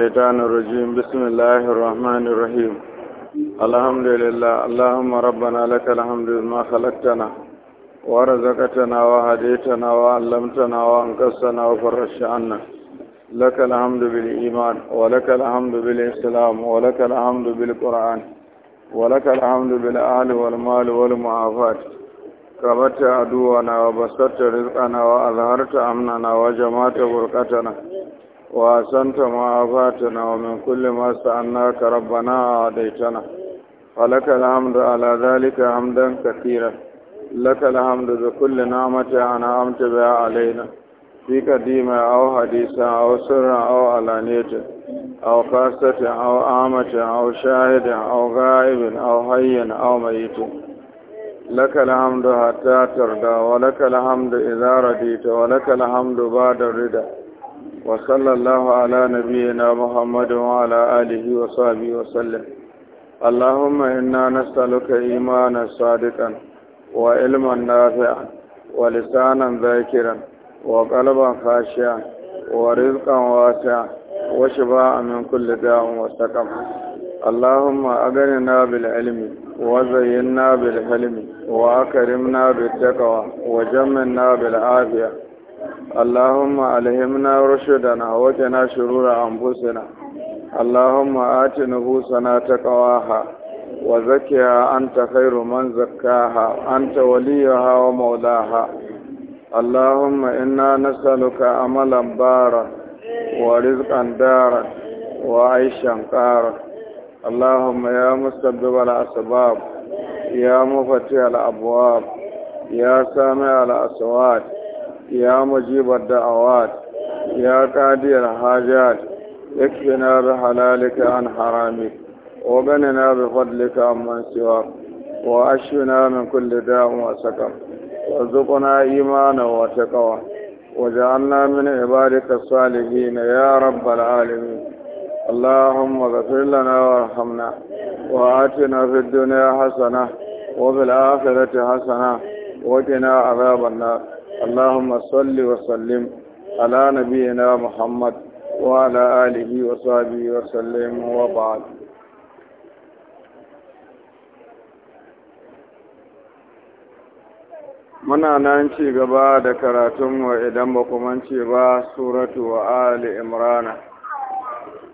الشيطان الرجيم بسم الله الرحمن الرحيم الحمد لله اللهم ربنا لك الحمد ما خلقتنا ورزقتنا وهديتنا وعلمتنا وانقصنا وفرجت عنا لك الحمد بالإيمان ولك الحمد بالإسلام ولك الحمد بالقرآن ولك الحمد بالأهل والمال والمعافات كبت عدونا وبسطت رزقنا وأظهرت أمننا وجمعت بركتنا وأسنت ما أفاتنا ومن كل ما سألناك ربنا أعطيتنا ولك الحمد على ذلك حمدا كثيرا لك الحمد بكل نعمة أنعمت بها علينا في قديمة أو حديثة أو سرة أو علانية أو خاصة أو عامة أو شاهد أو غائب أو حي أو ميت لك الحمد حتى ترضى ولك الحمد إذا رديت ولك الحمد بعد الرضا وصلى الله على نبينا محمد وعلى آله وصحبه وسلم اللهم إنا نسألك إيمانا صادقا وعلما نافعا ولسانا ذاكرا وقلبا خاشعا ورزقا واسعا وشفاء من كل داء وسقم اللهم أغننا بالعلم وزينا بالحلم وأكرمنا بالتقوى وجمنا بالعافية اللهم ألهمنا رشدنا وقنا شرور أنفسنا اللهم آت نفوسنا تقواها وزكها أنت خير من زكاها أنت وليها ومولاها اللهم إنا نسألك أملا بارا ورزقا دارا وعيشا قارا اللهم يا مسبب الأسباب يا مفتح الأبواب يا سامع الأصوات يا مجيب الدعوات يا قاضي الحاجات اكفنا بحلالك عن حرامك وغننا بفضلك عمن سواك وأشفنا من كل داء وسقم وارزقنا إيمانا وتقوى وجعلنا من عبادك الصالحين يا رب العالمين اللهم اغفر لنا وارحمنا وآتنا في الدنيا حسنة وفي الآخرة حسنة وقنا عذاب النار اللهم صل وسلم على نبينا محمد وعلى آله وصحبه وسلم وبعد muna nan ci gaba da karatunmu idan ba kuma ce ba suratu wa ali imrana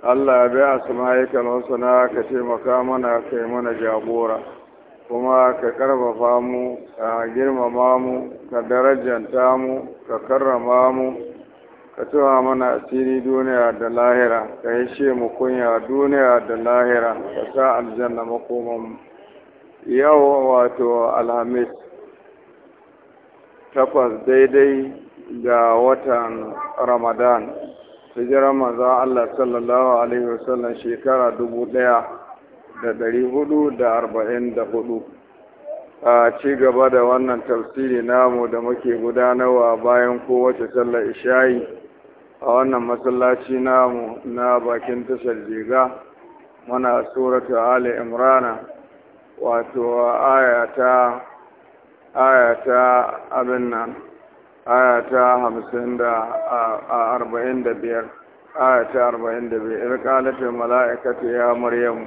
Allah ya bai asma'ikal husna ka taimaka mana kai mana jagora kuma ka karfafa mu ka girmama mu ka darajanta mu ka karrama mu ka tuwa mana asiri duniya da lahira ka shi mu kunya duniya da lahira ka sa aljanna makoman yau wato alhamis takwas daidai da watan ramadan hijirar manzon allah sallallahu alaihi wasallam shekara dubu ɗaya da ɗari hudu da arba'in da hudu a ci gaba da wannan tafsiri namu da muke gudanarwa bayan kowace sallar isha'i a wannan masallaci namu na bakin tashar jiga mana suratu ali imrana wato ayata ayata abin nan ayata hamsin da arba'in da biyar ayata arba'in da biyar ƙalatin mala'ikata ya maryamu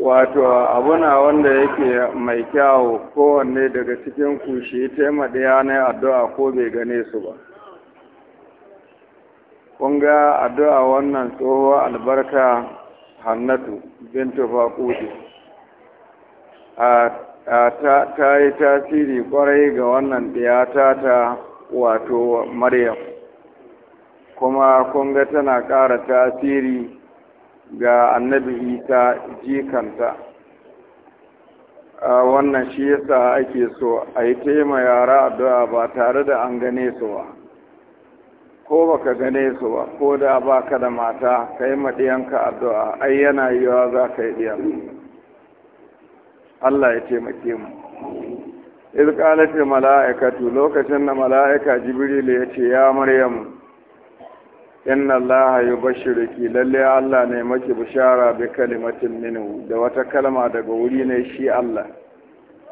wato abu wanda yake mai kyawu kowanne daga cikin ku shi taimaka ne addu'a ko bai gane su ba kun ga addu'a wannan tsohuwar albarka hannatu bintu faƙudu ta yi tasiri kwarai ga wannan ɗiyata ta wato maryam kuma kunga tana ƙara tasiri ga annabi isa jikanta A wannan shi yasa ake so a yi taima yara addu'a ba tare da an gane su ba ko baka gane su ba ko da baka da mata ka yi maɗiyanka addu'a ai yana yiwa za ka yi ɗiyan Allah ya taimake mu iz mala'ikatu lokacin da mala'ika jibril ya ce ya maryam inna allaha yubashshiruki lalle Allah ne maki bishara bi kalimatin minhu da wata kalma daga wuri ne shi Allah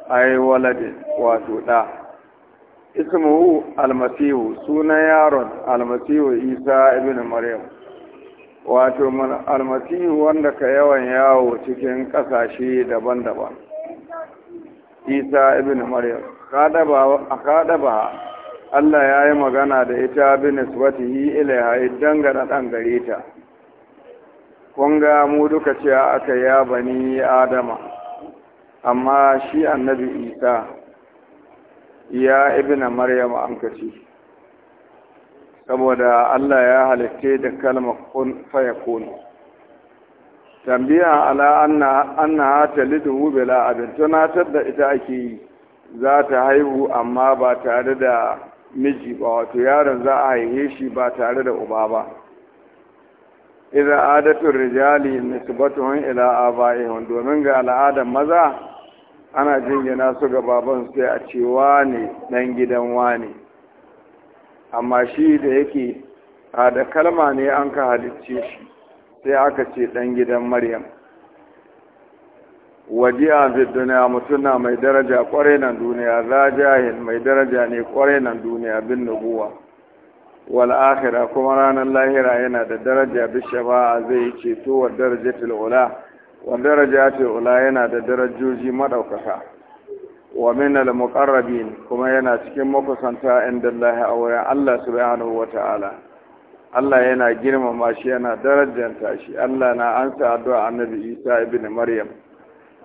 ay walad wato da ismuhu almasihu suna yaron almasihu isa ibn maryam wato almasihu wanda ka yawan yawo cikin kasashe daban-daban isa ibn maryam kadaba Allah ya yi magana da ita bin nisbatihi ilaiha dangana ɗan gare ta kun mu duka cewa aka ya bani adama amma shi annabi isa ya ibn maryam an kaci saboda Allah ya halitte da kalmar kun fayakunu tambiya ala anna anna talidu bila abin tunatar da ita ake yi za ta haihu amma ba tare da miji ba wato yaron za a haihe shi ba tare da uba ba idan adatul rijali nisbatuhum ila abaihim domin ga al'adar maza ana jingina su ga baban sai a ce wane dan gidan wane amma shi da yake a da kalma ne an ka halicce shi sai aka ce ɗan gidan maryam wajiya fi duniya mutum na mai daraja kwarai nan duniya jahil mai daraja ne kwarai nan duniya bin nubuwa wal akhira kuma ranar lahira yana da daraja bi a zai ceto wa darajatul ula wa darajatul ula yana da darajoji maɗaukaka. wa min al muqarrabin kuma yana cikin makusanta inda Allah a aure Allah subhanahu wa ta'ala Allah yana girmama shi yana darajanta shi Allah na ansa addu'a Annabi Isa ibn Maryam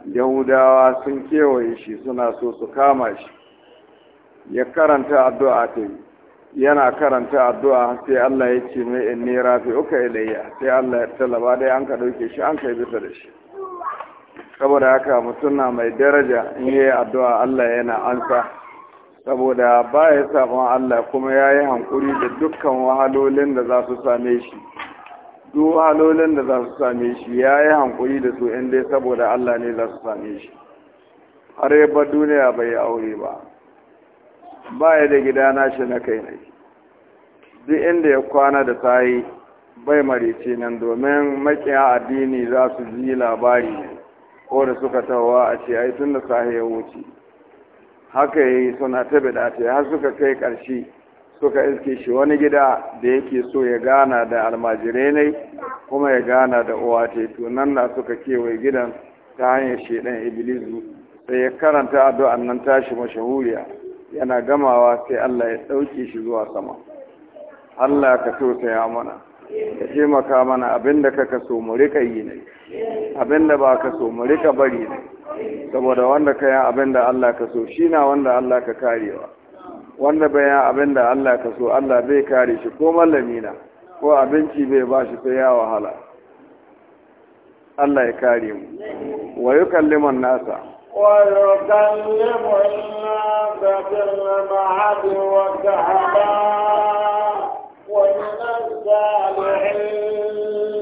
Yahudawa sun kewaye shi suna so su kama shi ya karanta addu'a ta yana karanta addu'a sai Allah ya ce mai inni uka ilayya sai Allah ya talaba dai an ka dauke shi an kai bisa da shi saboda haka mutum na mai daraja in yayi addu'a Allah yana ansa saboda ba baya sabon Allah kuma ya yi hankuri da dukkan wahalolin da za su same shi duk wahalolin da za su same shi ya yi hankuri da su inda saboda Allah ne za su same shi har yi ba duniya bai yi aure ba baya da gida shi na kai ne duk inda ya kwana da sayi bai marice nan domin makiya addini za su ji labari ne ko da suka tawa a ce ai tun da sahi ya wuce haka yi suna ta bidata har suka kai ƙarshe suka iske shi wani gida da yake so ya gana da almajirai ne kuma ya gana da uwa tunan na suka kewaye gidan ta hanyar shaiɗan iblisu sai ya karanta addu'an nan tashi mashahuriya yana gamawa sai Allah ya ɗauke shi zuwa sama Allah ka ya mana ka taimaka mana abinda ka kaso mu rika yi ne abinda ba ka so mu rika bari ne saboda wanda ka yi abin da Allah ka so shi na wanda Allah ka karewa wanda bai yi abin da Allah ka so Allah bai kare shi ko mallami na ko abinci bai ba shi sai ya wahala Allah ya kare mu wa yi nasa nasa bil ma'ad wa kahaba wa min as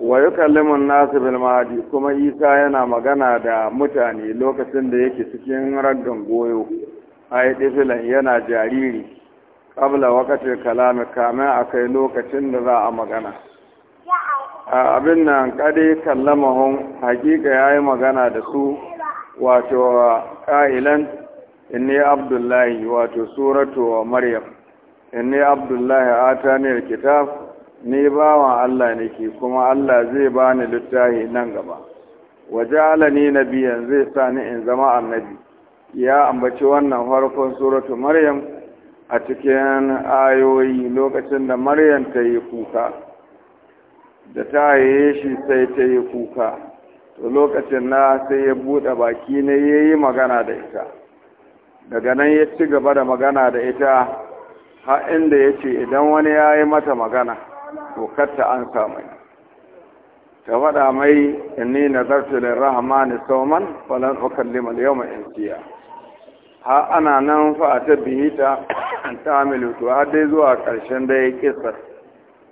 wa yukallimun nasu bil mahadi kuma isa yana magana da mutane lokacin da yake cikin raggan goyo yi difilan yana jariri qabla waqtil kalami a kai lokacin da za a magana A abin nan kade kallamahum hakika yi magana da su wato ƙa'ilan inni abdullahi wato suratu maryam inni abdullahi atani kitab ni bawan Allah nake kuma Allah zai bani littafi nan gaba waja'ala ni nabiyan zai sa ni in zama annabi ya ambaci wannan farkon suratu maryam a cikin ayoyi lokacin da maryam ta yi kuka da ta yi shi sai ta yi kuka to lokacin na sai ya buɗe baki ne ya yi magana da ita daga nan ya ci gaba da magana da ita har inda ya ce idan wani ya yi mata magana to katta an mai ta faɗa mai inni nazartu lirrahmani sauman falan ukallima al insiya ha ana nan fa ta bihi ta tamilu to har dai zuwa ƙarshen da ya kissa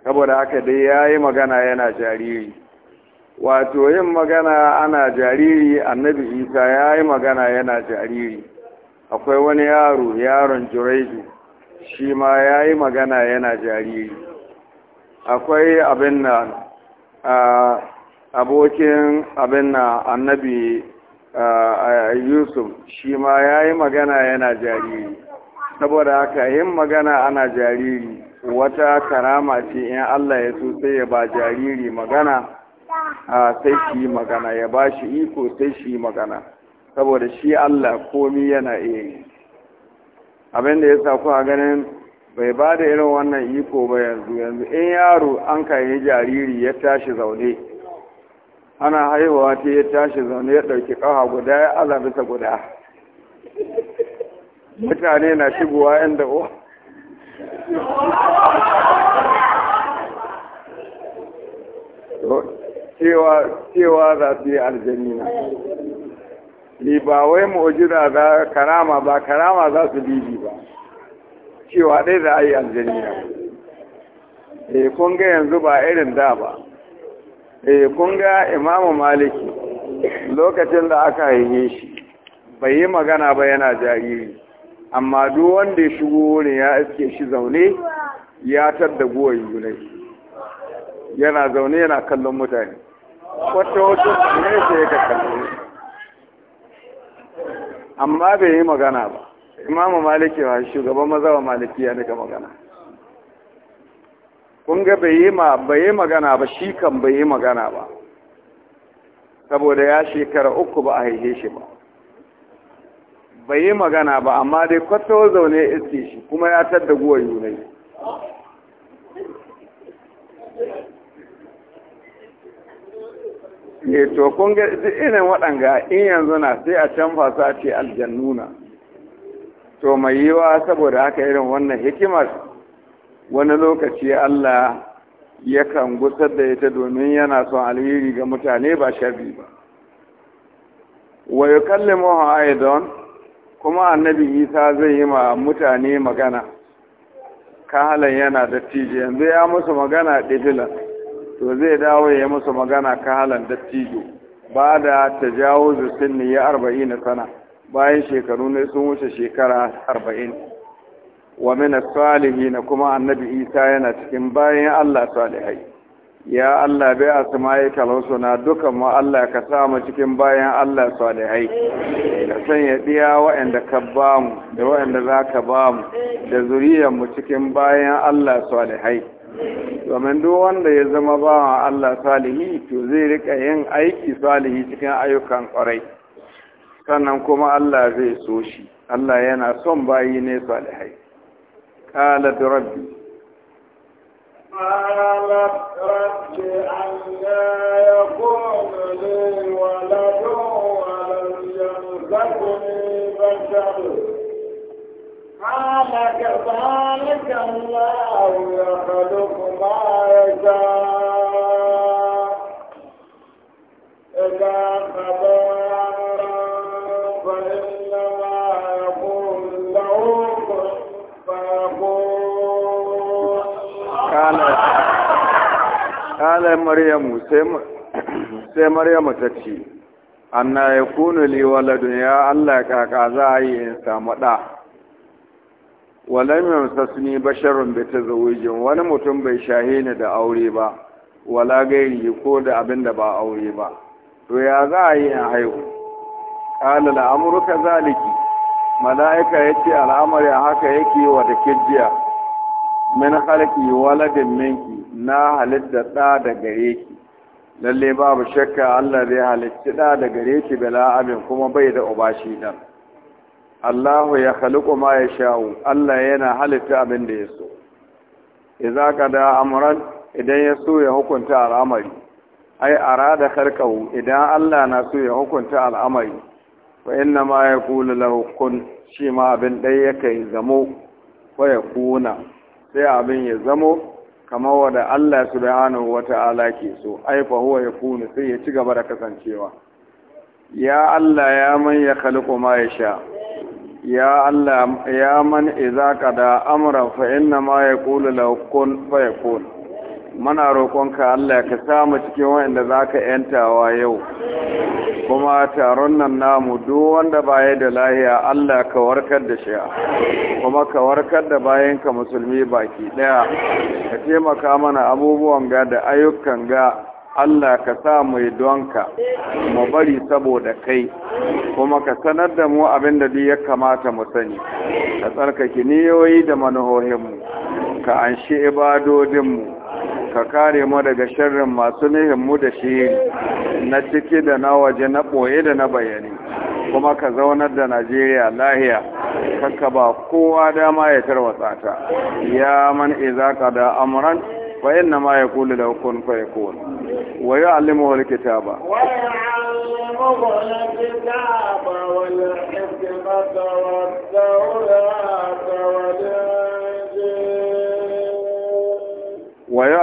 saboda haka dai yayi magana yana jariri wato yin magana ana jariri annabi isa yayi magana yana jariri akwai wani yaro yaron juraidu shi ma yayi magana yana jariri akwai abin na abokin abin na annabi yusuf shi ma ya yi magana yana jariri saboda haka yin magana ana jariri wata karama ce in allah ya so sai ya ba jariri magana sai shi magana ya ba shi iko sai shi magana saboda shi allah komi yana iya abin da ya sa kuwa ganin bai ba da irin wannan iko ba yanzu yanzu in yaro an kayi jariri ya tashi zaune ana haihuwa ta ya tashi zaune ya ɗauki ƙafa guda ya ala bisa guda mutane na shigowa yan o cewa za su yi aljanina ni ba wai mu'ujiza za karama ba karama za su bibi ba cewa ɗaya a yi aljanniya E, eh, kun ga yanzu ba irin da ba E, kun ga imamu maliki lokacin da aka haihe shi bai yi magana ba yana jariri amma duk wanda ya shigo ne ya iske shi zaune ya tadda guwan yunai yana zaune yana kallon mutane wata wata ne sai ya kallo amma bai yi magana ba imamu maliki ma shugaban mazaba ya nika magana kun ga bai yi magana ba shi kan bai yi magana ba saboda ya shekara uku ba a haihe shi ba bai yi magana ba amma dai kwatawa zaune iske shi kuma ya tadda guwa yunai ne eh, to kun ga irin waɗanga in yanzu na sai a can fasa ce aljannuna to mai yiwa saboda haka irin wannan hikimar wani lokaci Allah yakan gusar da ita domin yana son alheri ga mutane ba sharri ba wa yukallimuhu kuma annabi Isa zai yi ma mutane magana kahalan yana dattijo yanzu ya musu magana dijilan to zai dawo ya musu magana kahalan dattijo ba da jawo sinni ya arba'ina sana bayan shekaru ne sun wuce shekara arba'in wa mina salihi na kuma annabi isa yana cikin bayan allah salihai ya allah bai a su ma'aika na dukan mu allah ka samu cikin bayan allah salihai ka sanya ɗiya waɗanda ka ba mu da waɗanda za ka ba mu da zuriyarmu cikin bayan allah salihai domin duk wanda ya zama bawa allah salihi to zai rika yin aiki salihi cikin ayyukan ƙwarai sannan kuma Allah zai so shi Allah yana son bayi ne salihai qala rabbi qalat rabbi anna yakunu li waladun wa lam yamsakni bashar قال كذلك الله يخلق ما يشاء إذا قضى ƙalar maryamu sai maryamu ta ce anna ya kuna li waladun ya allah kaka za a yi in samu ɗa walam yamsasni basharun bi tazawujin wani mutum bai shahi ni da aure ba wala gairi ko da abin da ba aure ba to ya za a yi in haihu qala al'amru zaliki mala'ika ya ce al'amari haka yake wa da kijiya min khalqi waladin minki na halitta ɗa da gare ki lalle babu shakka Allah zai halitta ɗa da gare ki bala abin kuma bai da ubashi shi Allahu ya khaliqu ma sha'u, Allah yana halitta abin da yaso idza kada amran idan yaso ya hukunta al'amari ai arada kharqahu idan Allah na so ya hukunta al'amari wa inna ma yaqulu lahu kun shi ma abin dai yake zamo wa yakuna sai abin ya zamo kamar wanda Allah subhanahu ta'ala ke so ai fa huwa yakunu sai ya ci gaba da kasancewa ya Allah ya man ya khalqu ma yasha ya Allah ya man idza qada amra fa inna ma yaqulu lahu kun yakunu muna roƙonka Allah ka samu cikin wanda za ka ‘yantawa yau kuma taron nan namu duk wanda baya da lahiya Allah ka warkar da shi kuma ka warkar da bayanka musulmi baki ɗaya ka taimaka mana abubuwan ga da ayyukan ga Allah ka sa mu yi donka mu bari saboda kai kuma ka sanar da mu abin da ya kamata mu sani ka tsarkake niyoyi da manuhohinmu ka anshi ibadodinmu ka kare mu daga sharrin masu nihin mu da shi na ciki da na waje na ɓoye da na bayani kuma ka zaunar da najeriya lahiya kanka ba kowa dama ya tarwatsa ta ya man iza ka da amuran bayan na ma ya kuli da hukun fa ya kuli ba alimu wal kitaba ba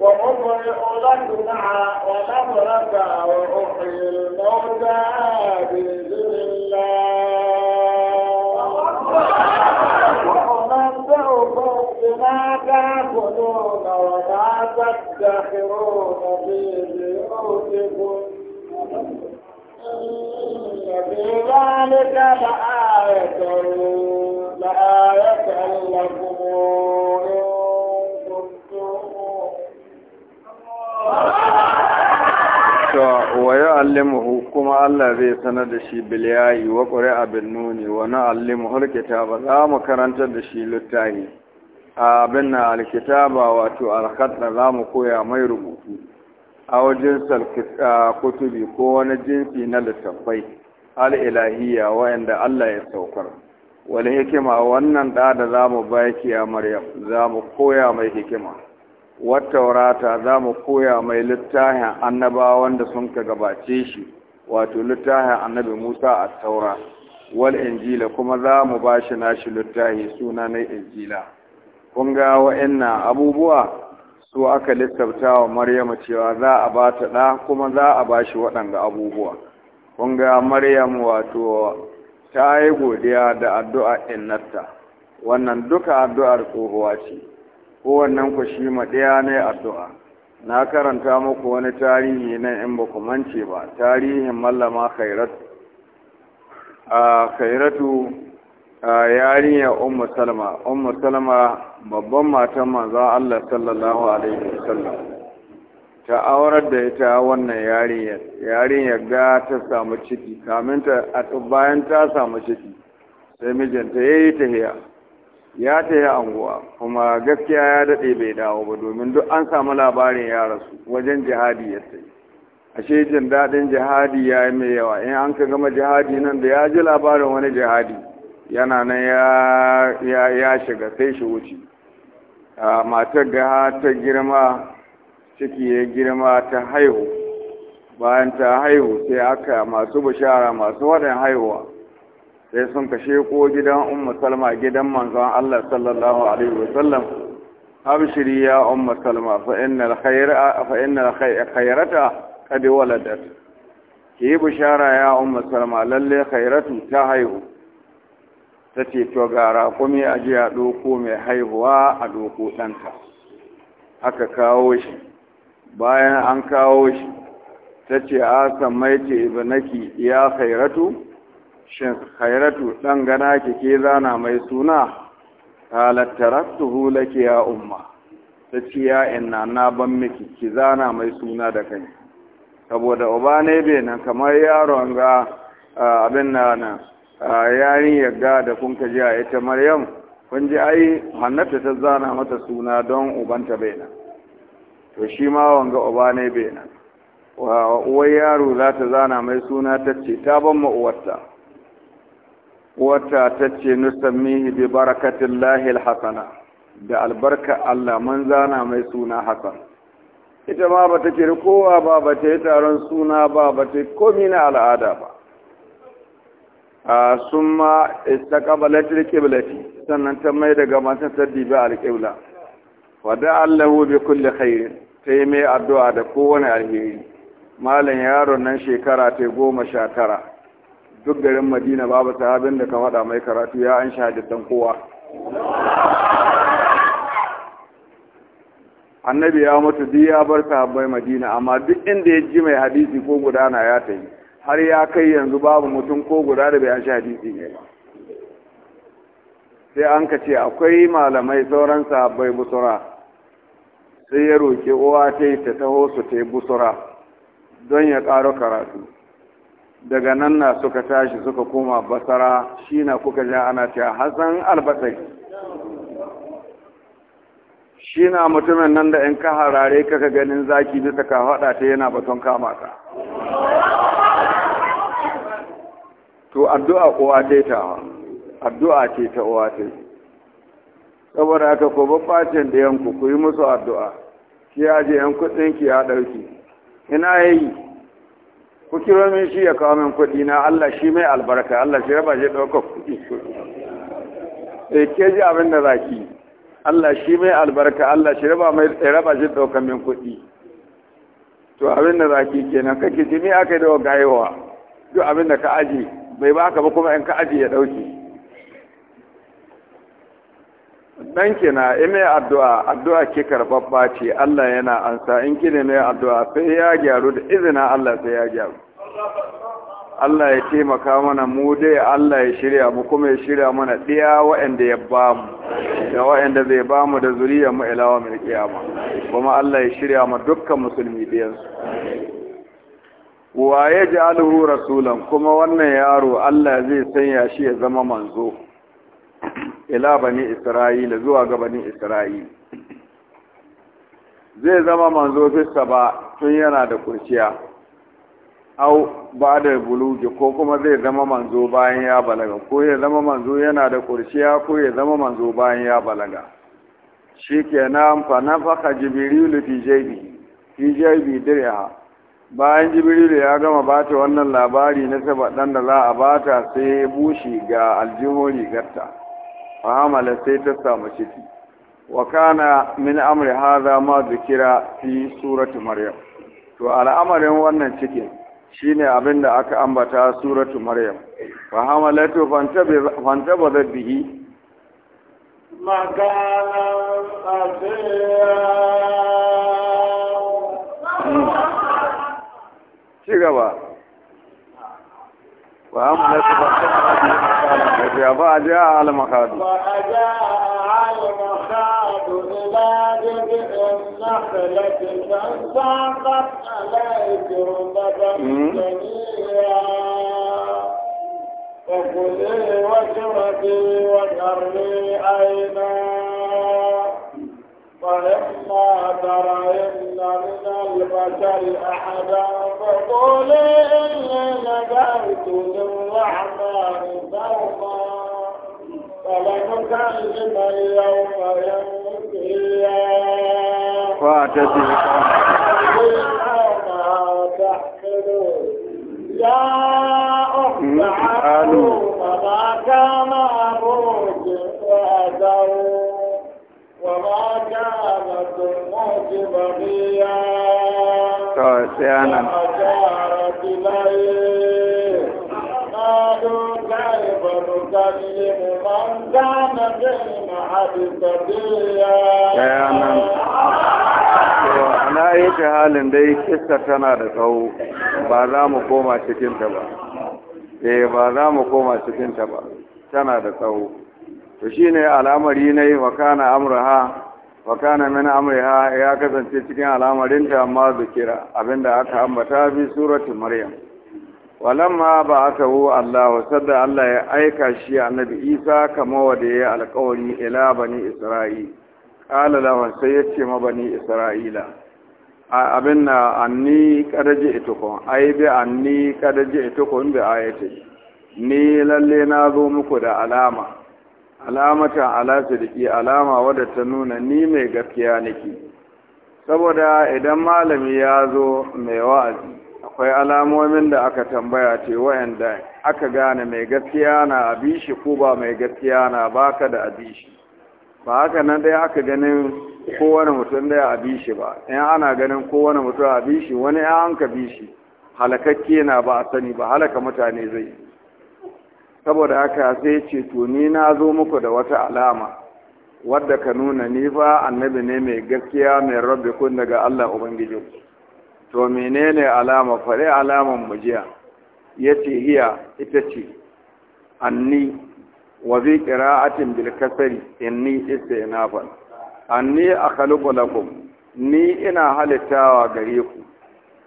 وأبرئ لكما ونظرك وأحيي الموتى بإذن الله وأنبئكم بما تأكلون وما تدخرون في بيوتكم إن في ذلك لآية لآية لكم إن to wa ya'allimuhu kuma Allah zai sanar da shi bil yayi wa qur'a bin nuni wa na'allimuhu alkitaba za mu karanta da shi littafi abin na alkitaba wato alkhatna za mu koya mai rubutu a wajen kutubi ko wani jinsi na littafai littattafai ilahiya inda Allah ya saukar wani hikima wannan da da za mu baki a maryam za mu koya mai hikima wataurata za mu koya mai littafin annabawan da sun ka gabace shi wato littafin annabi musa a taura wal injila kuma za mu ba shi nashi littafi suna na injila kun ga wa'annan abubuwa su aka lissafta wa maryamu cewa za a ba ta ɗa kuma za a ba shi waɗanga abubuwa kun ga maryam wato ta yi godiya da addu'a innarta wannan duka addu'ar tsohuwa ce kowannen ku shi ɗaya ne addu'a na karanta muku wani tarihi na in ba ku mance ba tarihin mallama khairat a khairatu yarinya ummu salma ummu salma babban matan manzo Allah sallallahu alaihi wasallam ta aurar da ita wannan yarinyar yarinyar ga ta samu ciki kamin ta a bayan ta samu ciki sai mijinta yayi tahiya ya ta yi anguwa kuma gaskiya ya daɗe bai dawo ba domin duk an samu labarin ya rasu wajen jihadi ya sai ashe jin daɗin jihadi ya yi mai yawa in an ka gama jihadi nan da ya ji labarin wani jihadi yana nan ya shiga sai shi wuce matar ga ta girma ciki ya girma ta haihu bayan ta haihu sai aka masu bishara masu waɗanda haihuwa sai sun kashe ko gidan umar salma gidan manzan Allah sallallahu alaihi wasallam abshiri ya umar salma fa innal khayra fa innal khayrata qad waladat ki bishara ya umar salma lalle khairatu ta haihu Ta ce to gara kuma a ji a doko mai haihuwa a doko ɗanta aka kawo shi bayan an kawo shi ta ce a san maite ibnaki ya khairatu shin hairatu ɗan gana ki ke zana mai suna halattarar tuhu lake ya umma ta ce ya inna na ban miki ki zana mai suna da kai saboda uba ne bai nan kamar an ga abin na nan yarin yagga da kun ka ji a ita maryam kun ji ai hannata ta zana mata suna don ubanta bai nan to shi ma wanga uba ne bai nan uwar yaro za ta zana mai suna ta ce ta ban ma uwarta wata ta ce nusammihi bi barakatun lahil hasana da albarka Allah man zana mai suna hasan ita ma ba ta kiri kowa ba ba ta yi taron suna ba ba ta komi na al'ada ba a sun ma istaqabalatul qiblati sannan ta mai daga masu sardi bi alƙibla wa Allah Allahu bi kulle khair ta yi mai addu'a da kowane alheri malam yaron nan shekara ta goma sha tara duk garin madina babu sahabin da kan wada mai karatu ya an shahadisan kowa annabi ya mutu duk ya bar sahabbai madina amma duk inda ya ji mai hadisi ko gudana ya ta har ya kai yanzu babu mutum ko guda da bai an hadisi ne sai an ka ce akwai malamai sauran sahabbai busura sai ya roƙi uwa ta yi ta taho su ta yi busura don ya karo karatu daga nan na suka tashi suka koma basara shi na kuka ja ana cewa hassan albasari shi na mutumin nan da in ka harare kaka ganin zaki bisa ka haɗa ta yana baton kama ka to addu'a uwa ta ta addu'a ce ta uwa ta saboda aka ko babbacin da yanku ku yi musu addu'a ki yaje yan kuɗin ki ya ɗauki ina yayi ku kiro min shi ya kawo min kuɗi na Allah shi mai albarka Allah shi raba shi ɗaukar kuɗi eh ke ji abin da zaki Allah shi mai albarka Allah shi raba mai raba shi ɗaukar min kuɗi to abin da zaki kenan kake ji me aka yi da gayewa duk abin da ka aje bai baka ba kuma in ka aje ya ɗauke ɗanki na ime eh, addu'a addu'a ke karbabba ce Allah yana ansa in kine ne addu'a sai ya gyaru da izina Allah sai ya gyaru Allah ya taimaka mana mu dai Allah ya shirya mu kuma ya shirya mana diya wa'anda ya ba mu da wa'anda zai ba mu da zuriya mu ilawa mai kiyama kuma Allah ya shirya mu dukkan musulmi ɗiyansu wa ya ji rasulan kuma wannan yaro Allah zai sanya shi ya zama manzo ila bani isra'ila zuwa ga bani isra'ila zai zama manzo fissa ba tun yana da kurciya au ba da buluji ko kuma zai zama manzo bayan ya balaga ko ya zama manzo yana da kurciya ko ya zama manzo bayan ya balaga shikenan fa nafaka jibrilu fi jaybi fi jaybi dirha bayan jibrilu ya gama bata wannan labari na saba dan da za a bata sai ya bushe ga aljihori gatta amala sai ta samu ciki wa kana min amri hadha ma zikira fi suratu maryam to al'amarin wannan cikin shine abin da aka ambata suratu maryam fa hamalatu fantabaza bihi makanan asiya ci gaba وأملت فأجاء على مخاد وأجاء على مخاد إلى جذع النخلة فانساقت عليك تربة جميعا فكلي واشربي وذرني عينا فلما ترين من البشر أحدا فقولي إني نذرت للرحمن صوما فلنكلم اليوم ينسيا فأتته يا أخت عدو وما كان أبوك فأدور سيانا أشارت halin dai kista tana da tsawo ba za mu koma cikinta ba eh ba za mu koma cikinta ba tana da tsawo to shine al'amari na yi wa kana amraha wakana kana min ya kasance cikin al'amarinta amma zikira abinda aka ambata bi surati maryam walamma ba'athahu Allah sadda Allah ya aika shi annabi Isa kama wada ya alƙawari ila bani Isra'il qala lahu sai ya ma bani Isra'ila abin anni kadaji itukun ai bi anni kadaji itukun bi ayati ni lalle na zo muku da alama alamata ala sidiki alama wadda ta nuna ni mai gaskiya nake saboda idan malami ya zo mai wa'azi akwai alamomin da aka tambaya ce wa'anda aka gane mai gaskiya na abishi ko ba mai gaskiya na baka da abishi ba haka nan dai aka ganin kowane mutum daya abishi ba in ana ganin kowane mutum abishi wani an ka bishi halakakke na ba a sani ba halaka mutane zai yi saboda haka sai ce to ni na zo muku da wata alama wadda ka nuna ni fa annabi ne mai gaskiya mai rabbi kun daga Allah Ubangiji. to menene alama fare alaman mujiya yace hiya ita ce anni wa bi qira'atin bil kasri inni istinafa anni akhluqu lakum ni ina halittawa gare ku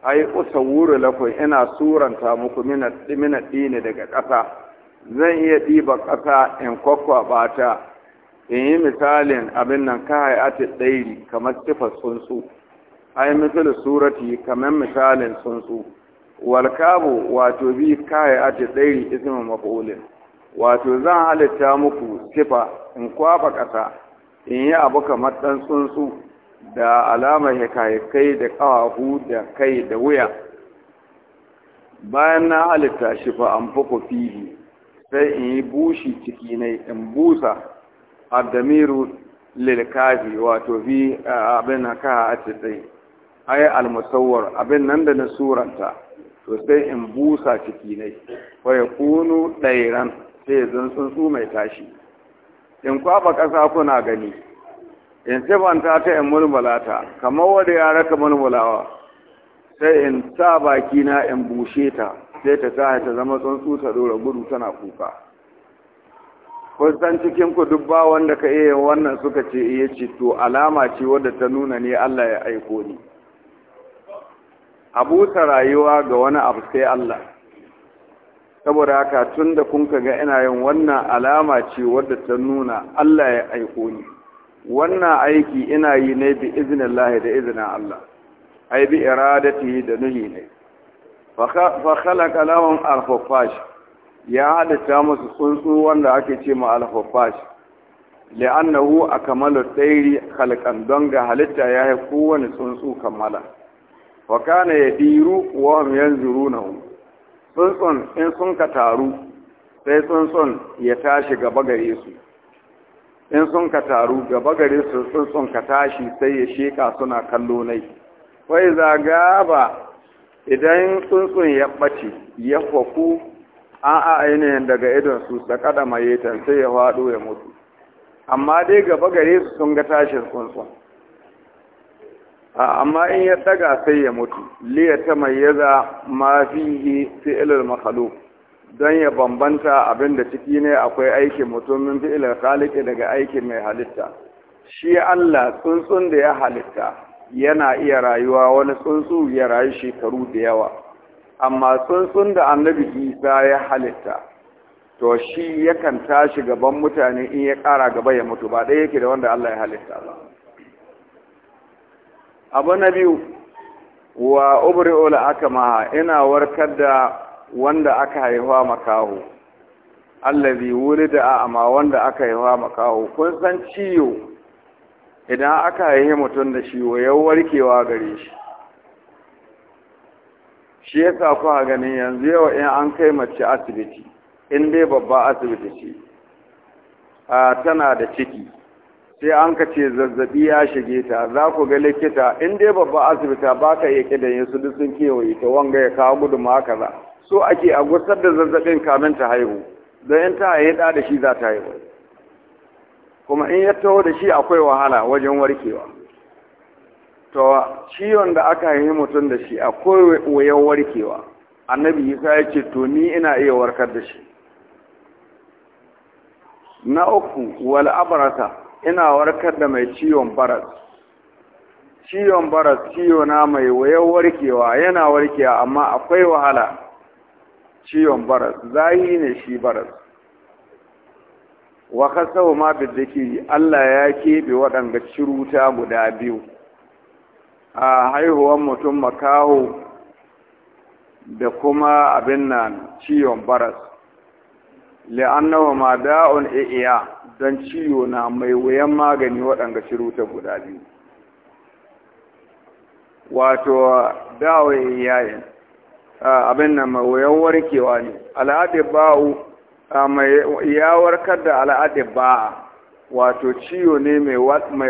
ai usawuru lakum ina suranta muku min dini daga ƙasa zan iya ɗiba ƙasa in ba ta in yi misalin abin nan ka ta ɗairi kamar sifar tsuntsu ai misali surati kamar misalin tsuntsu walkabu wato bi ka ta ɗairi ismin mafolin, wato zan halitta muku sifa in kwaba ƙasa in yi abu kamar ɗan tsuntsu da alamar hikayekai da ƙawahu da kai da wuya bayan na halitta shi fa an sai in yi bushi ciki ne in busa addamiru lilkazi wato bi abin haka a tsaye ai almusawwar abin nan da na suranta to sai in busa ciki ne wa ya kunu ɗairan sai zan su mai tashi in kwaba ƙasa kuna gani in sifanta ta in mulmulata kamar wanda ya raka mulmulawa sai in sa bakina in bushe ta sai ta sa ta zama tsuntsu ta dora gudu tana kuka kusan cikin ku duk ba wanda ka iya wannan suka ce iya ce to alama ce wadda ta nuna ne Allah ya aiko ni ta rayuwa ga wani abu sai Allah saboda haka tun da kun ga ina yin wannan alama ce wadda ta nuna Allah ya aiko ni wannan aiki ina yi ne bi izinin Allah da izinin Allah ai bi iradati da nuhi ne fakhalaka lahum al-khuffash ya halitta musu tsuntsu wanda ake ce ma al-khuffash li'annahu akmalu tsairi khalqan don ga halitta ya yi kowane tsuntsu kamala wa kana yadiru wa hum yanzurunahu tsuntsun in sun ka taru sai tsuntsun ya tashi gaba gare su in sun ka taru gaba gare su tsuntsun ka tashi sai ya sheka suna kallo nai wai za gaba idan tsuntsun ya ɓace ya faku an a ainihin daga idon su sakada mayetan sai ya faɗo ya mutu amma dai gaba gare su sun ga tashin tsuntsun amma in ya daga sai ya mutu liya ta mayyaza ma fihi fi'ilul makhluq don ya bambanta abin da ciki ne akwai aikin mutumin fi'ilul khaliq daga aikin mai halitta shi Allah tsuntsun da ya halitta yana iya rayuwa wani tsuntsu ya rayu shekaru da yawa amma tsuntsun da annabi isa ya halitta to shi yakan tashi gaban mutane in ya kara gaba ya mutu ba ɗaya yake da wanda Allah ya halitta ba abu na biyu wa ubri'ul akama ina warkar da wanda aka haihuwa makaho allazi wulida a amma wanda aka haihuwa makaho kun san ciwo idan aka yi mutum da shi wayar warkewa gare shi shi ya sa kuwa ganin yanzu yau in an kai mace asibiti in dai babba asibiti ce tana da ciki sai an ka ce zazzabi ya shige ta za ku ga likita in dai babba asibita ba ka iya kidan su duk sun kewaye ta wanga ya kawo gudunmawa kaza so ake a gusar da zazzabin kamin ta haihu don in ta haihu da shi za ta haihu kuma in ya taho da shi akwai wahala wajen warkewa to ciwon da aka yi mutum da shi akwai wayan warkewa annabi ya ce to ni ina iya warkar da shi na uku wal abarata ina warkar da mai ciwon baras ciwon baras ciwo na mai wayan warkewa yana warkewa amma akwai wahala ciwon baras zahi ne shi baras wa khasau ma biddaki Allah ya keɓe waɗanga ciruta guda biyu a haihuwan mutum makaho da kuma abin nan ciwon baras li'annahu ma da'un iya don ciwo na mai wuyan magani waɗanga ciruta guda biyu wato da'un iya abin nan mai wuyan warkewa ne al'adar ba'u ya warkar da al'adi ba wato ciwo ne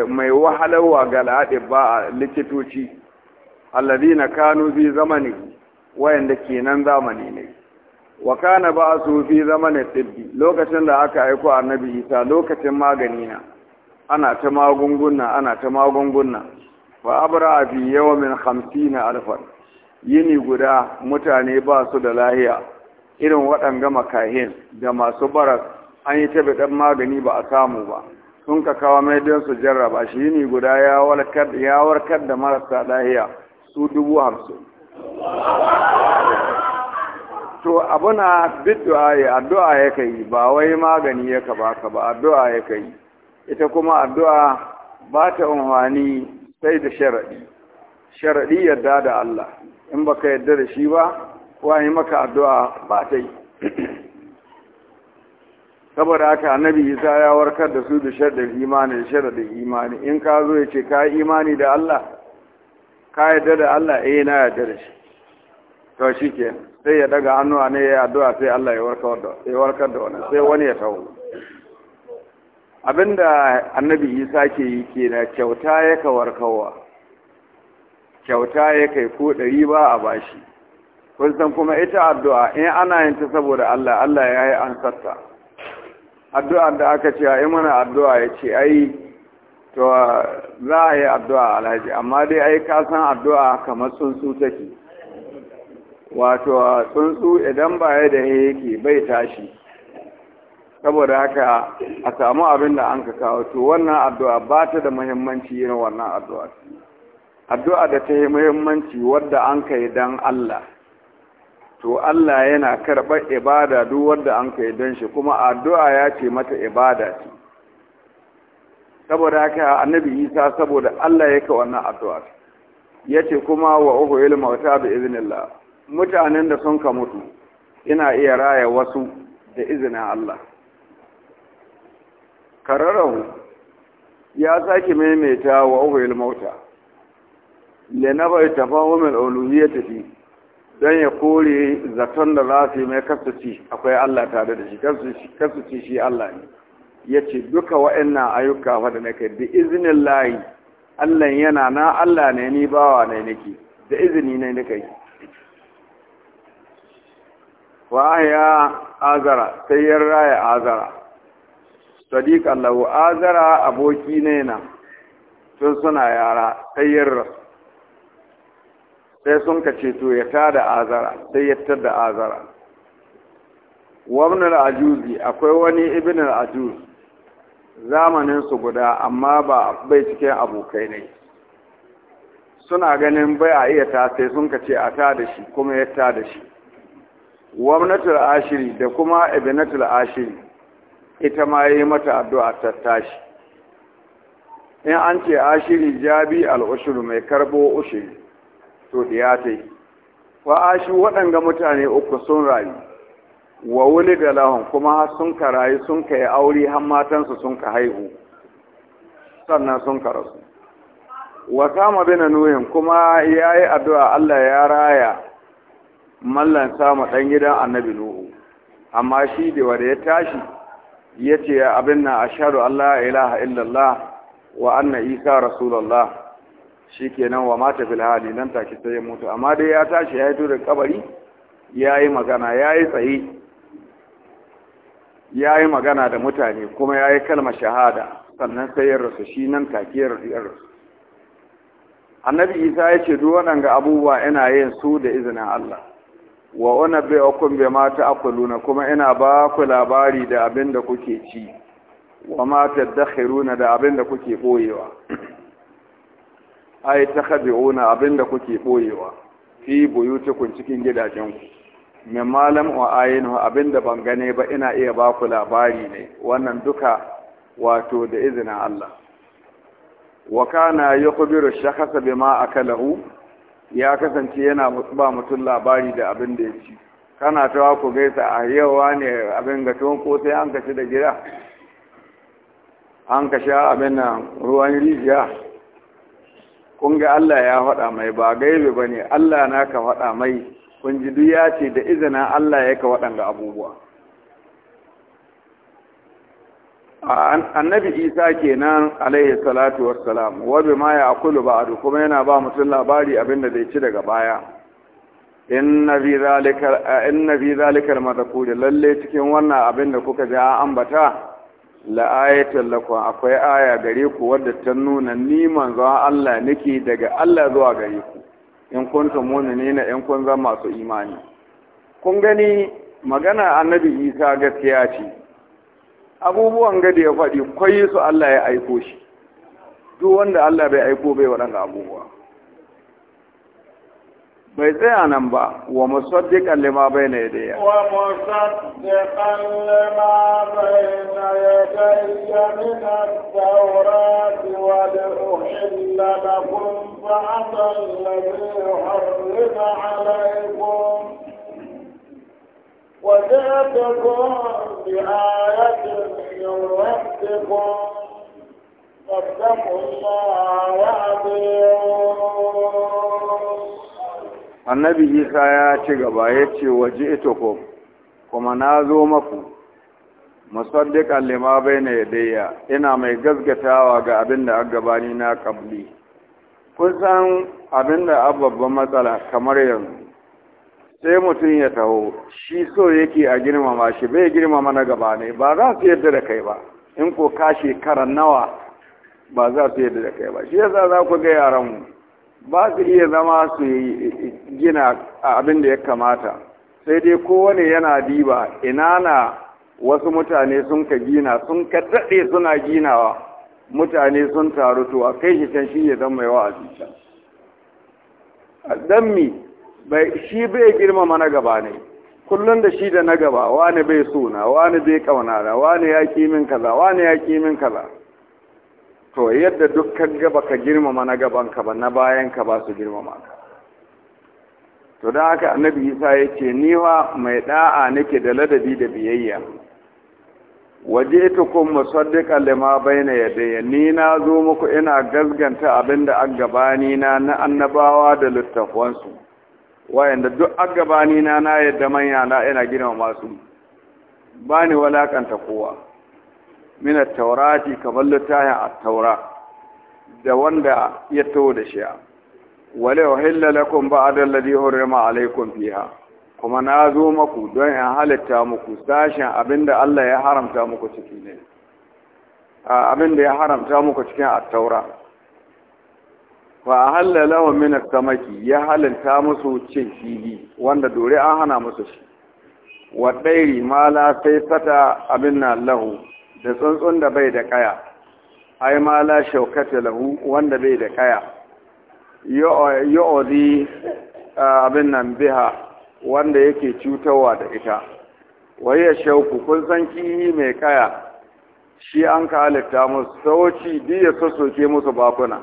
mai wahalarwa ga al'adi ba likitoci na kanu zama zamani wayanda kenan zamani ne Wakana kana ba su fi zamanin tibbi lokacin da aka aiko annabi isa lokacin magani na ana ta magunguna ana ta magunguna fa abra fi yawmin 50 alfar. yini guda mutane ba su da lahiya irin waɗanga makahin da masu baras an yi tabi ɗan magani ba a samu ba sun ka kawo mai don su jarraba shi ne guda ya warkar da marasa lahiya su dubu hamsin to abuna biddu'a ya addu'a ya kai ba wai magani ya ka baka ba addu'a ya kai ita kuma addu'a ba ta unhwani sai da sharaɗi sharaɗi yadda da Allah in baka yadda da shi ba waye maka addu'a ba ta yi saboda haka annabi isa ya warkar da su da sharadin imani da da imani in ka zo ya ce ka yi imani da Allah ka yarda da Allah eh na yarda da shi to shi ke sai ya daga a ne ya addu'a sai Allah ya warkar da wani sai wani ya tawo abinda annabi isa ke yi ke na kyauta ya ka warkarwa kyauta ya kai ko ɗari ba a bashi kun kuma ita addu'a in ana yin ta saboda Allah Allah ya yi an sarta addu'a da aka ce ai mana addu'a ya ce ai to za a yi addu'a alhaji amma dai ai ka san addu'a kamar tsuntsu take wato tsuntsu idan ba ya da yake bai tashi saboda haka a samu abin da an ka kawo to wannan addu'a ba ta da muhimmanci yin wannan addu'a addu'a da ta yi muhimmanci wadda an ka yi don Allah to Allah yana karɓar ibada duk wanda an kai don shi kuma addu'a ya ce mata ibada ce saboda haka annabi Isa saboda Allah ya ka wannan addu'a ya ce kuma wa uku ilma wata bi iznillah mutanen da sun ka mutu ina iya raya wasu da izinin Allah kararau ya sake maimaita wa uku ilmauta lenabar tafahimin uluhiyyar tafi don ya kore zaton da za su yi mai kasuci akwai Allah tare da shi kasuci shi Allah ne ya ce duka wa'annan ayyuka fa da nake da izinin layi Allah yana na Allah ne ni bawa ne nake da izini ne nake yi wa ya azara sai ya raya azara sadiq Allah azara aboki ne na tun suna yara sai ya rasu sai sun ka ce to ya da azara sai ya da azara wamnar ajuzi akwai wani ibn ajuz zamanin su guda amma ba bai cikin abokai ne suna ganin bai a iya ta sai sun ka ce a ta da shi kuma ya da shi Wabnatar ashiri da kuma ibnatul ashiri ita ma yi mata addu'a ta tashi in an ce ashiri jabi al-ushur mai karbo ushiri to ya ta yi wa ashi waɗanga mutane uku sun rayu wa wuli da lahon kuma sun ka rayu sun ka yi aure har matansu sun ka haihu sannan sun ka rasu wa kama bin nuhin kuma ya yi addu'a Allah ya raya mallan samu ɗan gidan annabi nuhu amma shi da wanda ya tashi ya ce abin na ashadu Allah ilaha illallah wa anna isa rasulallah shikenan wa mata fil hali nan take sai ya mutu amma dai ya tashi ya yi da kabari ya yi magana ya yi tsaye ya yi magana da mutane kuma ya yi kalmar shahada sannan sai ya rasu shi nan take ya rasu annabi isa ya ce duk ga abubuwa ina yin su da izinin allah wa wani bai akun bai mata akuluna kuma ina ba ku labari da abin da kuke ci wa mata da da abin da kuke ɓoyewa ai ta kabi'una abinda kuke boyewa fi buyutukun cikin gidajenku min malam wa ayinu abinda ban gane ba ina iya ba ku labari ne wannan duka wato da izinin Allah wa kana yukhbiru shakhsa bima akalahu ya kasance yana ba mutum labari da abin da ya ci kana ta ku gaisa a ah, yawa ne abin ga tuwon sai an kashi da gida an kasha abin nan ruwan rijiya kun ga Allah ya faɗa mai ba gaibe ba ne Allah na ka faɗa mai kun ji duk ce da izinin Allah ya ka waɗanga abubuwa annabi isa kenan alaihi salatu wassalam wabi ma ya akulu adu kuma yana ba mutum labari abinda zai ci daga baya na fi zalikar inna lalle cikin wannan abin da kuka ji an ambata la'ayatan lakum akwai aya gare ku wadda ta nuna ni manzo Allah nake daga Allah zuwa gare ku in ne na in kun zama masu imani kun gani magana annabi Isa gaskiya ce abubuwan gadi ya faɗi kwayi su Allah ya aiko shi duk wanda Allah bai aiko bai waɗanda abubuwa فإذا أنا أمبا لما بين يدي ومصدقا لما بين يدي من التوراة ولأحل لكم بعض الذي حرم عليكم وجئتكم بآية من ربكم فاتقوا الله وأطيعون annabi isa ya ci gaba ya ce waje itokom kuma na zo maku musaddiƙan lima bai na yadayya ina mai gasgatawa ga abin da gabani na kabli kusan abin da babban matsala kamar yanzu sai mutum ya taho shi so yake a girmama shi bai girmama na gaba ne ba za su yadda da kai ba in ko ka shekara nawa ba za su yadda da kai ba shi yasa za ku ga yaranmu ba su iya zama su gina abin da ya kamata sai dai kowane yana diba ina na wasu mutane sun ka gina sun ka daɗe suna ginawa mutane sun taru to a kai shi can shi ya zan mai wa'azi A dan mi shi bai girmama na gaba ne kullum da shi da na gaba wani bai suna wani bai kauna wani ya min kaza wani ya min kaza to yadda dukkan gaba ka girmama na gaban ba na bayan ka ba su girmama ka to don haka annabi isa ya ce niwa mai da'a nake da ladabi da biyayya waje ta kun musaddiƙa lima na yadda ni na zo muku ina gazganta abin da an gabani na na annabawa da littafansu wayanda duk an gabani na na yadda manya na ina girmama su? Bani ni walakanta kowa min taurati kamar littafin at-taura da wanda ya taho da shi wala uhilla lakum ba'da alladhi hurrima alaykum fiha kuma na zo maku don in halitta muku sashin abinda Allah ya haramta muku ciki ne abinda ya haramta muku cikin at-taura fa ahalla lahum min as-samaki ya halalta musu cin kifi wanda dore an hana musu shi wa dairi ma la sayfata abinna lahu da tsuntsun da bai da kaya ai ma la shaukata lahu wanda bai da kaya yu'adi abin nan biha wanda yake cutarwa da ita waye shauku kun san kihi mai kaya shi an ka halitta musu sauci diya sassoke musu bakuna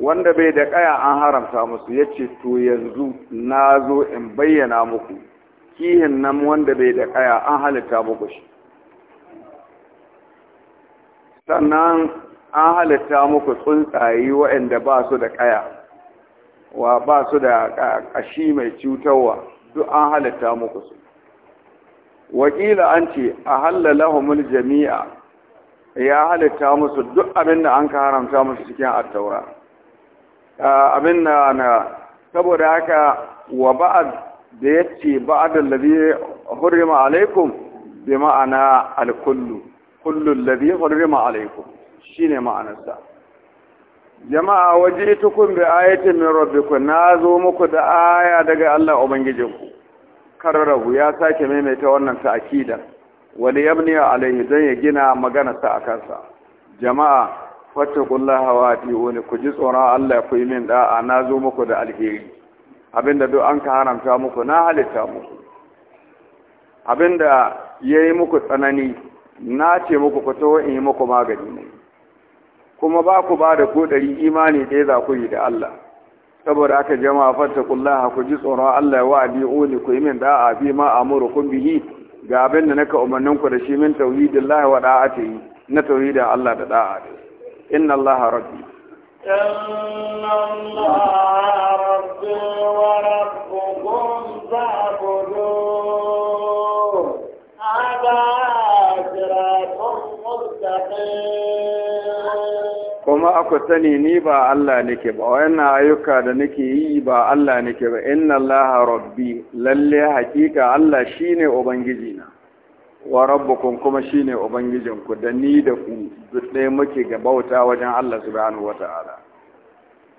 wanda bai da kaya an haramta musu ya ce to yanzu na zo in bayyana muku kihin nan wanda bai da kaya an halitta muku shi sannan an halitta muku tsuntsaye waɗanda ba su da ƙaya wa ba su da ƙashi mai cutarwa duk an halitta muku su wakila an ce a hallalahumul jami'a ya halitta musu duk abin da an ka haramta musu cikin attaura abin da na saboda haka wa ba'ad da ya ce ba'ad da labi hurrima alaikum bi ma'ana alkullu kullun ladhi hurrima shi shine ma'anarsa jama'a waje bi ayatin min rabbikum nazo muku da aya daga Allah ku. karrahu ya sake maimaita wannan ta'kida wal yabni alayhi dan ya gina magana sa akansa jama'a fattaqullaha wa atiuni ku ji tsoron Allah ku yi min da'a nazo muku da alheri abinda duk an ka haramta muku na halitta muku abinda yayi muku tsanani na ce muku ku in yi muku magani ne kuma ba ku ba da kodari imani ɗaya za ku yi da Allah saboda aka jama'a kullaha ku ji tsoron Allah ya wa'adi uli ku yi min da'a bi ma kun bihi ga abin da naka umarnin ku da shi min tauhidillahi wa yi, na tauhidin Allah da da'a inna Allah rabbi Allah rabbi wa rabbukum فاعبدون kuma aku sani ni ba Allah nake ba wayannan ayyuka da nake yi ba Allah nake ba inna Allah rabbi lalle hakika Allah shine ubangiji na wa rabbukum kuma shine ubangijin ku da ni da ku duk muke ga bauta wajen Allah subhanahu wata'ala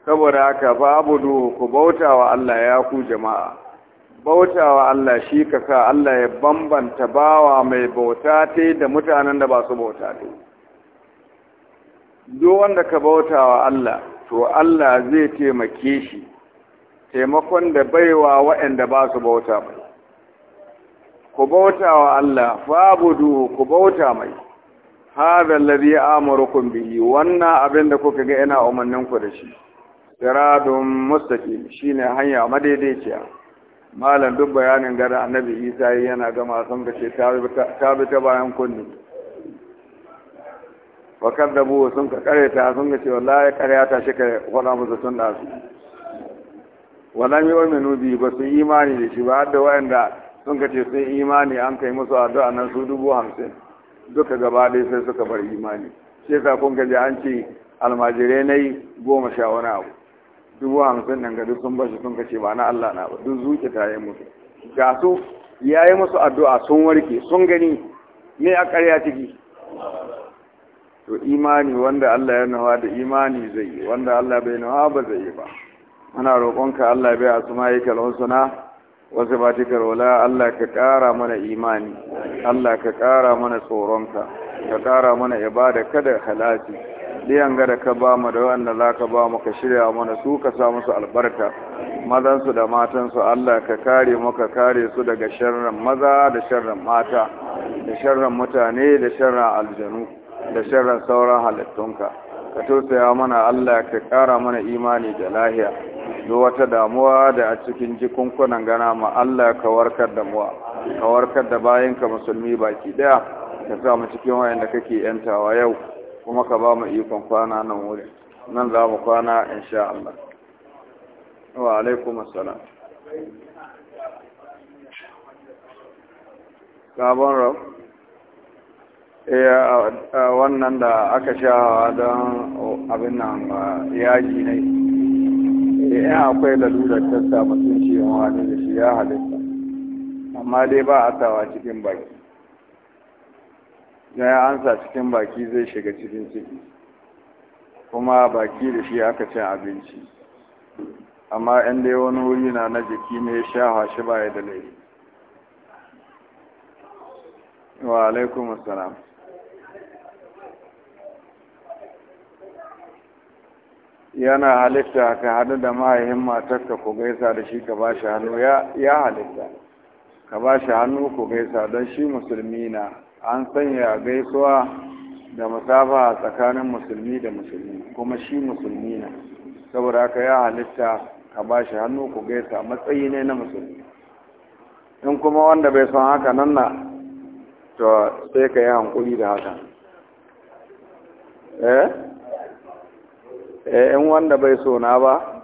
saboda haka abudu ku bautawa Allah ya ku jama'a bautawa Allah shi ka sa Allah ya bambanta bawa mai bauta da mutanen da ba su bauta duk wanda ka bauta wa Allah to Allah zai taimake shi taimakon da baiwa waɗanda ba su bauta mai ku bauta wa Allah fabudu ku bauta mai hada alladhi amarukum bihi wannan abin da kuka ga ina umarnin ku da shi siradun mustaqim shine hanya madaidaiciya malam duk bayanin gara annabi Isa yana gama sun ga ce ta bi ta bayan kunni wa buwa sun ka kareta sun ga cewa la ya ta shi ka faɗa musu tun da su walam yu'minu nubi ba su imani da shi ba da wayanda sun ka ce sun imani an kai musu addu'a nan su dubu hamsin duka gaba ɗaya sai suka bar imani sai ka kun ga an ce almajirai na yi goma sha wani abu dubu hamsin nan ga duk sun bashi sun ka ce ba na Allah na ba duk zuke ta yi musu ga su ya yi musu addu'a sun warke sun gani me a ƙarya ciki to imani wanda Allah ya nawa da imani zai yi wanda Allah bai nawa ba zai yi ba muna roƙonka Allah bai asma'ika al wasu ba ta karola Allah ka ƙara mana imani Allah ka ƙara mana tsoronka ka ƙara mana ibada kada halati liyan ga da ka ba mu da wanda za ka ba mu ka shirya mana su ka sa musu albarka mazansu da matansu Allah ka kare mu ka kare su daga sharran maza da sharran mata da sharran mutane da sharran aljanu da sharran sauran halittunka ka tausaya mana Allah ka ƙara mana imani da lahiya duk wata damuwa da a cikin jikunkunan gana ma Allah ka warkar da mu ka warkar da bayanka musulmi baki daya ka sa mu cikin wayanda kake yantawa yau kuma ka ba mu ikon kwana nan wuri nan za mu kwana insha Allah wa alaikum assalam sabon rau Eh, wannan da aka sha don abin nan yaji ne eh, in akwai lalurar tasta mutum shi yin wani da shi ya halitta amma dai ba a tawa cikin baki Na ya ansa cikin baki zai shiga cikin ciki kuma baki da shi aka cin abinci amma in dai wani wuri na na jiki ne sha shi ba ya da laifi wa alaikum salam. yana halitta ka hadu da mahaifin matarka ku gaisa da shi ka ba shi hannu ya halitta ka ba shi hannu ku gaisa don shi musulmi na an sanya gaisuwa da musafa tsakanin musulmi da musulmi kuma shi musulmi na saboda haka ya halitta ka ba shi hannu ku gaisa matsayi ne na musulmi in kuma wanda bai son haka nan na to sai ka yi hankuli da haka eh yan eh, wanda bai so na ba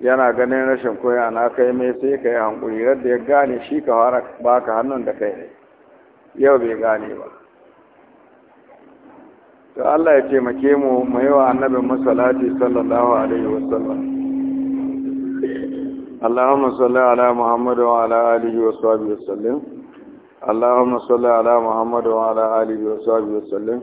yana ganin rashin koya na kai mai sai ka yi hankuri yadda ya gane shi ka fara baka hannun da kai yau bai gane ba to Allah ya taimake mu mu yi wa annabin masalati sallallahu alaihi wasallam Allahumma salli ala Muhammad wa ala alihi wa sahbihi wa sallim Allahumma salli ala Muhammad wa ala alihi wa sahbihi wa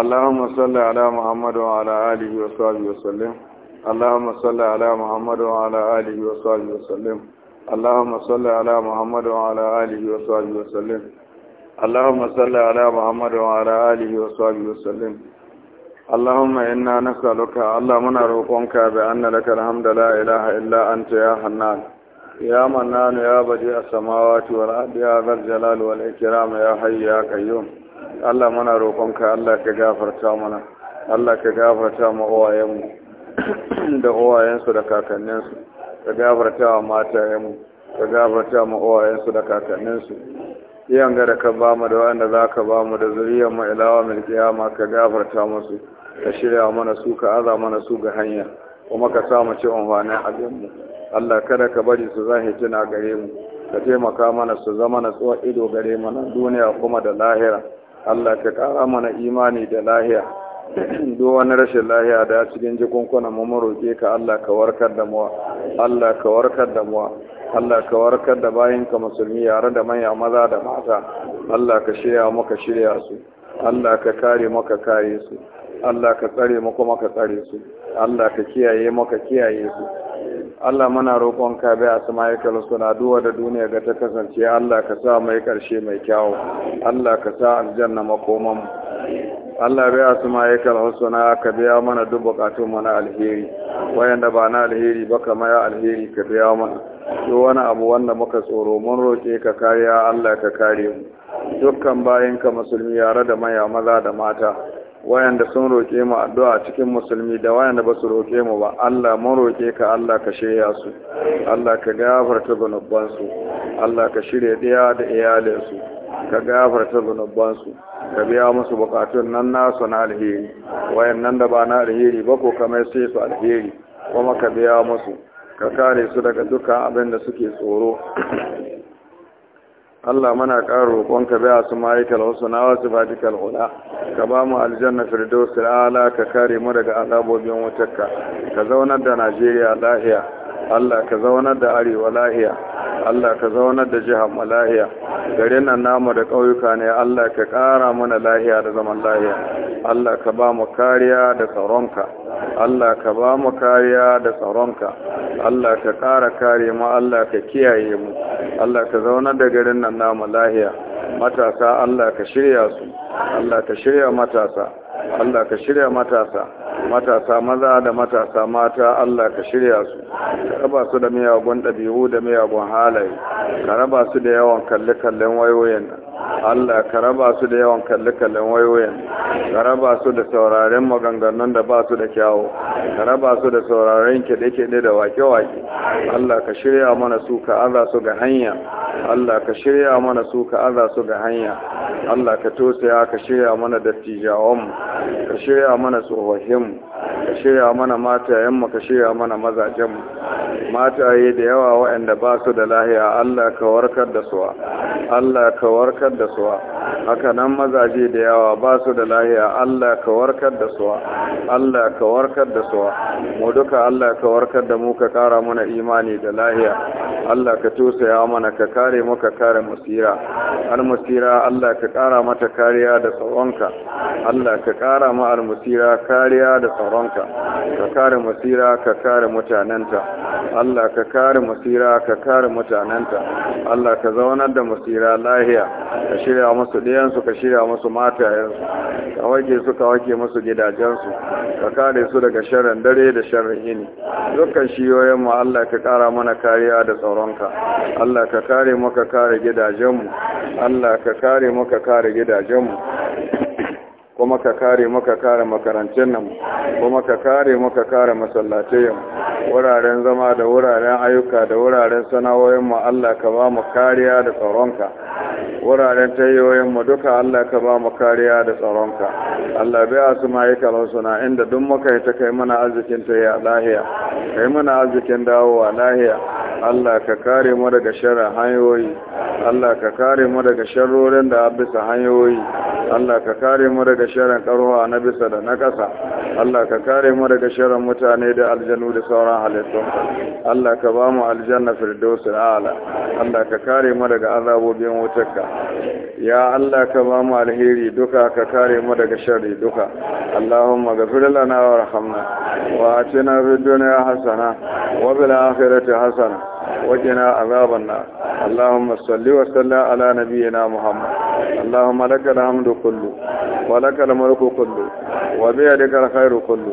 اللهم صل على محمد وعلى آله وصحبه وسلم اللهم صل على محمد وعلى آله وصحبه وسلم اللهم صل على محمد وعلى آله وصحبه وسلم اللهم صل على محمد وعلى آله وصحبه وسلم اللهم إنا نسألك اللهم نروقك بأن لك الحمد لا إله إلا أنت يا حنان يا منان يا بديع السماوات والأرض يا ذا الجلال والإكرام يا حي يا قيوم Allah muna roƙonka Allah ka gafarta mana Allah ka gafarta ma uwayenmu da uwayensu da kakanninsu ka gafarta wa matayenmu ka gafarta ma uwayensu da kakanninsu iyan ga ka ba mu da wanda za ka ba mu da zuriyar mu ilawa mil kiyama ka gafarta musu ka shirya mana su ka aza mana su ga hanya kuma ka sa mu ci amfanin abin mu Allah kada ka bari su zahi tuna gare mu ka taimaka mana su zama na tsuwa ido gare na duniya kuma da lahira Allah ka ƙara mana imani da lahiya duk wani rashin lahiya da cikin jikunkuna mu maroke ka Allah ka warkar da mu Allah ka warkar da mu Allah ka warkar da ka musulmi yare da manya maza da mata Allah ka shirya maka shirya su Allah ka kare maka kare su Allah ka tsare maka maka tsare su Allah ka kiyaye maka kiyaye su Allah muna roƙon ka bai a sama ya suna duwa da duniya ga ta kasance Allah ka sa mai ƙarshe mai kyawu Allah ka sa aljanna makoman Allah bai a sama ya suna ka biya mana duk bukatun mana alheri wayanda ba na alheri ba ka maya alheri ka biya mana duk wani abu wanda muka tsoro mun roƙe ka kariya Allah ka kare mu dukkan bayanka musulmi yare da maya maza da mata wayanda sun roke mu addu'a cikin musulmi da wayanda ba su roƙe mu ba Allah mun roƙe ka Allah ka shirya su Allah ka gafarta zanubban su Allah ka shirya ɗaya da iyalin su ka gafarta zanubban su ka biya musu bukatun nan nasu na alheri wayannan da ba na alheri ba ko kamar sai su alheri kuma ka biya musu ka kare su daga dukkan abin da suke tsoro Allah muna ƙara roƙonka bai asu ma'aikal wasu na wasu fatikal al'ula ka ba mu aljanna firdausul ala ka kare mu daga azabobin wutarka ka zaunar da Najeriya lahiya Allah ka zaunar da arewa lahiya Allah ka zaunar da jihar lahiya garin nan namu da ƙauyuka ne Allah ka ƙara mana lahiya da zaman lahiya Allah ka ba mu kariya da tsaronka Allah ka ba mu kariya da tsaronka Allah ka ƙara kare mu Allah ka kiyaye mu Allah ka zaunar da garin nan namu lahiya matasa Allah ka shirya su Allah ka shirya matasa Allah ka shirya matasa matasa maza da matasa mata Allah ka shirya su ka raba su da miyagun ɗabi'u da miyagun halaye ka raba su da yawan kalle-kallen wayoyin nan Allah ka raba su da yawan kalle-kallen wayoyin ka raba su da sauraren maganganun da ba su da kyawu ka raba su da sauraren kiɗe-kiɗe da wake-wake Allah ka shirya mana su ka aza su ga hanya Allah ka shirya mana su ka aza su ga hanya Allah ka tosaya ka shirya mana dattijawanmu ka shirya mana tsohon ka shirya mana matayenmu ka shirya mana mazajenmu mataye da yawa waɗanda ba su da lahiya Allah ka warkar da suwa Allah ka warkar da suwa haka nan mazaje da yawa ba su da lahiya Allah ka warkar da suwa Allah ka warkar da suwa mu duka Allah ka warkar da mu ka kara mana imani da lahiya Allah ka tusaya mana ka kare mu ka kare musira al musira Allah ka kara mata kariya da tsaronka Allah ka kara ma al musira kariya da tsaronka mutanenta ka kare masira ka kare mutanenta Allah ka kare masira ka kare mutanenta Allah ka zaunar da masira lahiya ka shirya musu ɗiyansu ka shirya musu matayensu ka wake su ka wake musu gidajensu ka kare su daga sharrin dare da sharrin yini dukkan shiyoyin mu Allah ka kara mana kariya da tsaronka Allah ka kare mu ka kare gidajenmu Allah ka kare mu ka kare gidajenmu kuma ka kare maka kare makarantun nan kuma ka kare maka kare masallatai wuraren zama da wuraren ayyuka da wuraren sana'o'in mu Allah ka ba mu kariya da tsaronka wuraren tayoyin mu duka Allah ka ba mu kariya da tsaronka Allah bai mai ma'aikalan suna inda duk muka yi ta kai mana arzikin ta ya lahiya kai mana arzikin dawowa lahiya Allah ka kare mu daga sharrin hanyoyi Allah ka kare mu daga sharrorin da bisa hanyoyi Allah ka kare mu daga sharrin karuwa na bisa da na ƙasa Allah ka kare mu daga sharrin mutane da aljanu da sauran halittu Allah ka ba mu aljanna firdausul a'la Allah ka kare mu daga azabobin wutarka ya Allah ka ba mu alheri duka ka kare mu daga sharri duka Allahumma ghfir lana warhamna wa atina fid dunya hasana wa bil akhirati hasana وقنا عذاب النار اللهم صل وسلم على نبينا محمد اللهم لك الحمد كله ولك الملك كله وبيدك الخير كله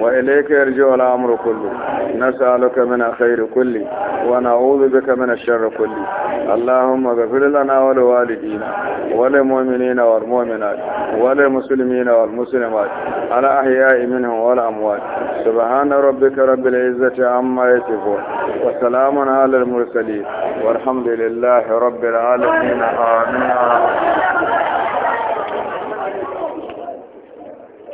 وإليك يرجع الأمر كله نسألك من الخير كله ونعوذ بك من الشر كله اللهم اغفر لنا ولوالدينا وللمؤمنين والمؤمنات وللمسلمين والمسلمات على أحياء منهم والأموات سبحان ربك رب العزة عما يصفون وسلام على المرسلين والحمد لله رب العالمين آمين